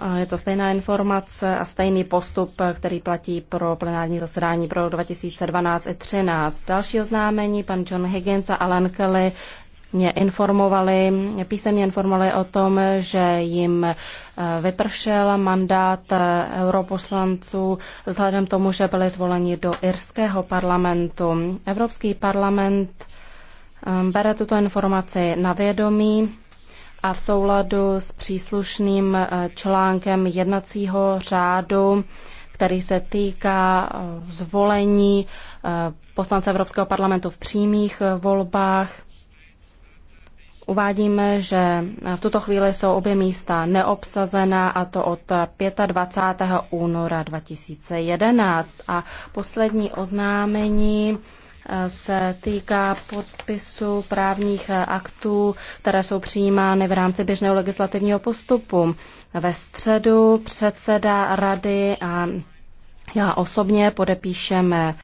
A je to stejná informace a stejný postup, který platí pro plenární zasedání pro 2012 i 2013. Další oznámení, pan John Higgins a Alan Kelly mě informovali, písemně informovali o tom, že jim eh, vypršel mandát eh, europoslanců vzhledem tomu, že byli zvoleni do irského parlamentu. Evropský parlament eh, bere tuto informaci na vědomí a v souladu s příslušným eh, článkem jednacího řádu, který se týká eh, zvolení eh, poslance Evropského parlamentu v přímých volbách, Uvádíme, že v tuto chvíli jsou obě místa neobsazená a to od 25. února 2011. A poslední oznámení se týká podpisu právních aktů, které jsou přijímány v rámci běžného legislativního postupu. Ve středu předseda rady a já osobně podepíšeme